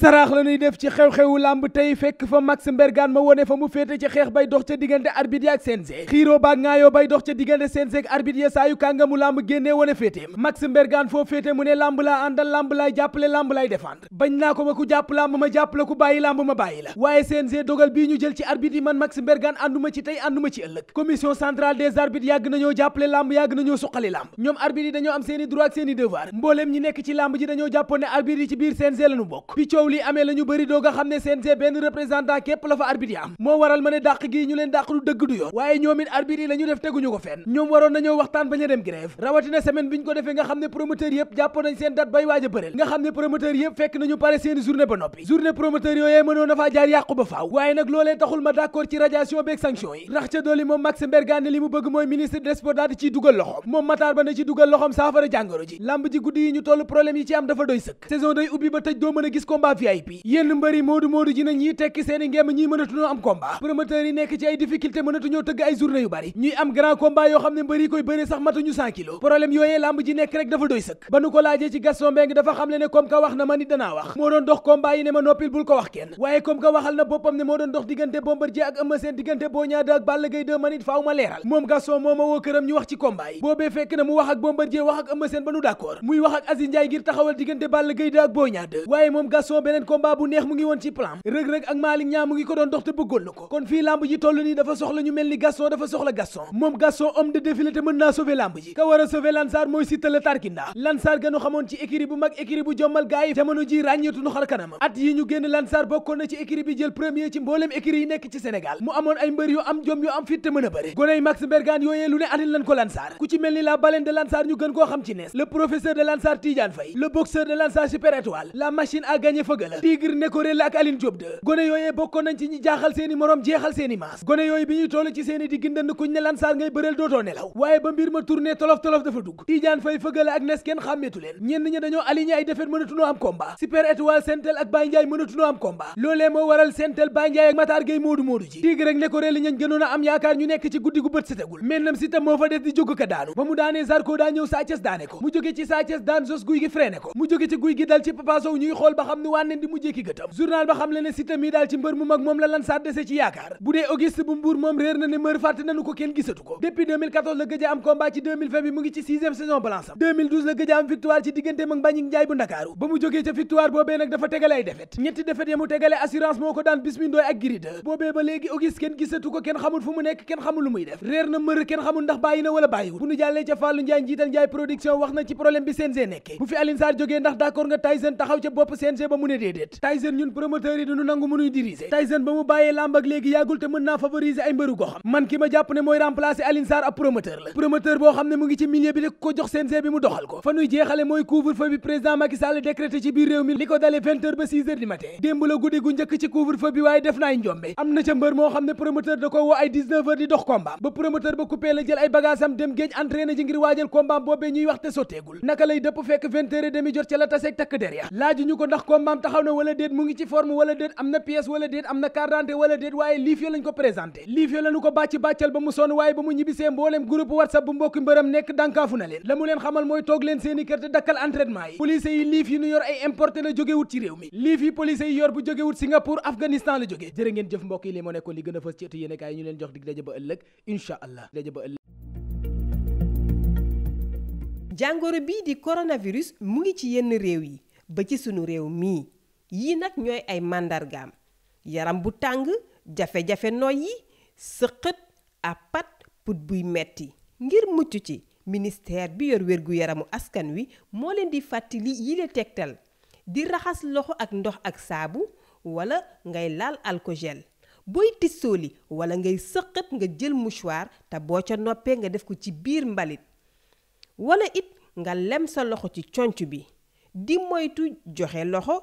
saraax la ñuy def ci xew-xewu làmb tey fekk fa Max Mbergane ma wone fa mu féete ci xeex bay dox ca diggante arbitre ya ak CNG xiiroo baak ngaayoo bay dox ca diggante CNG ak arbitre ya saa yu kàngamu làmb génnee wone féeteem Max Mbergane foo féete mu ne làmb laa àndal làmb laay jàppale làmb laay défendre bañ naa ko ba ku jàpp làmb ma jàpp la ku bàyyi làmb ma bàyyi la waaye CNG dogal bii ñu jël ci arbitre yi man Max Mbergane ànduma ci tey ànduma ci ëllëg commission centrale des arbitres yàgg nañoo jàppale làmb yàgg nañoo suqali làmb ñoom arbitre yi dañoo am seeni droit ak coow li amee la ñu bëri xam ne CNG benn représentant képp la fa arbitre yi am moo waral ma ne dàq gii ñu leen dàq du dëgg du yoon waaye ñoom it yi la def teguñu ko fenn ñoom waroon nañoo waxtaan bañ a dem rawatina semaine bi ñu ko defee nga xam ne promoteur yëpp jàppoon nañ seen date bay waaj bëreel nga xam ne promoteur yëpp fekk nañu pare seen journée ba noppi journée promoteur yooyee mënoon na faa jaar yàqu ba faaw waaye nag loolee taxul VIP yénn mbëri moodu moodu ji na ñiy tekki seen i ngemm mënatuñoo am combat promoteur yi nekk ci ay difficulté mënatuñoo tëgg ay journée yu bari ñuy am grand combat yoo xam ne mbëri koy bëree sax matuñu 100 kilos problème yooyee lamb ji nekk rek dafa doy sëkk ba nu ko laajee ci Gaston Mbengue dafa xam le ne wax na ma ni danaa wax moo doon dox combat yi ne ma noppil bul ko wax kenn waaye comme waxal na boppam ne moo doon dox diggante Bombardier ak Eumeu beneen combat bu neex mu ngi woon ci plan rëg-rëg ak Malick Niang mu ngi ko doon dox te bëggoon na ko kon fii lamb ji toll nii dafa soxla ñu mel ni Gaston dafa soxla Gaston moom Gaston homme de défilé te mën naa sauver lamb ji ka war a sauver mooy Siteu le Tarkinda Lansar gënu xamoon ci écurie bu mag écurie bu jommal gaa yi jamono ji ràññeetu nu xar kanamam at yi ñu génn Lansar bokkoon na ci écurie bi jël premier ci mbooleem écurie yi nekk ci Sénégal mu amoon ay mbër yu am jom yu am fit a bëre goney Max ni la baleine de Lansar ñu gën koo xam ci nees le professeur de Lansar la machine à gagner bëgg la tigre ak Aline Diop de gone yooyee bokkoon ci jaaxal seeni morom jeexal seeni maas gone yooyu bi ñuy toll ci seeni diggi ndënd kuñ ne lansaar ngay bëreel dootoo nelaw waaye ba mbir ma tourné tolof-tolof dafa dugg Tidiane Faye fëgala ak nes kenn xàmmeetu leen ñenn ñi dañoo aligné ay defet mënatunoo am combat Super Étoile Sentel ak Baye Ndiaye mënatunoo am combat loolee moo waral Sentel Baye Ndiaye ak Matar Gueye moodu moodu ji tigre rek nekoré a sànni di mu jékki gëtam journal ba xam le ne Siteu mi daal ci mbër mu mag moom la lan saa dese ci yaakaar bu dee Auguste bu Mbour moom réer na ne mër fàtte nañu ko kenn gisatu ko depuis 2014 la gëj am combat ci bi mu ngi ci sixième saison balance la gëj am victoire ci diggante mag Mbagnick Ndiaye bu Ndakaaru ba mu jógee ca victoire boobee nag dafa tegale ay defet ñetti defet ya mu tegale assurance moo ko daan Bismi Ndoye ak Giri 2 ba léegi Auguste kenn déedéet ñun promoteurs yi duñu nangu mënuy diriger Tyson ba mu bàyyee lamb léegi yàggul te mën naa favoriser ay mbëru goxam man ki ma jàpp ne mooy remplacer Aline ab promoteur la promoteur boo xam ne mu ngi ci milieu bi rek ko jox CNG bi mu doxal ko fa nuy jeexale mooy couvre-feu bi président Macky ci biir réew mi li ko dalee 20 ba 6 heures du démb la guddi gu njëkk ci couvre-feu waaye def na ay njombe am na ca mbër da taxaw na wala déet ngi ci forme wala déet am wala déet am na carte d'identité wala déet waaye liif yo lañ ko présenté liif yo lañu ko bàcc bàccal ba mu sonn waaye ba mu ñibbisee mbooleem groupe whatsapp mooy toog leen seeni kër te dakkal entraînement yi police yi liif réew mi liif yi police yi yor bu jógewut Singapour Afghanistan la jógee jërë ngeen jëf mbokk yi li moo nekkoon li a fës ci jàngoro bii di coronavirus mu ngi ci yenn réew yi ba ci sunu réew mii yii nag ñooy ay màndargaam yaram bu tàng jafe-jafe noyyi sëqët apat put buy metti ngir mucc ci ministère bi yor wér gu yaramu askan wi moo leen di fàttali yile tegtal di raxas loxo ak ndox ak saabu walla ngay laal alkogel booy tissooli walla ngay sëqat nga jël mouchoir te boo ca noppee nga def ko ci biir mbalit wala it nga lem sa loxo ci conc bi di moytu joxe loxo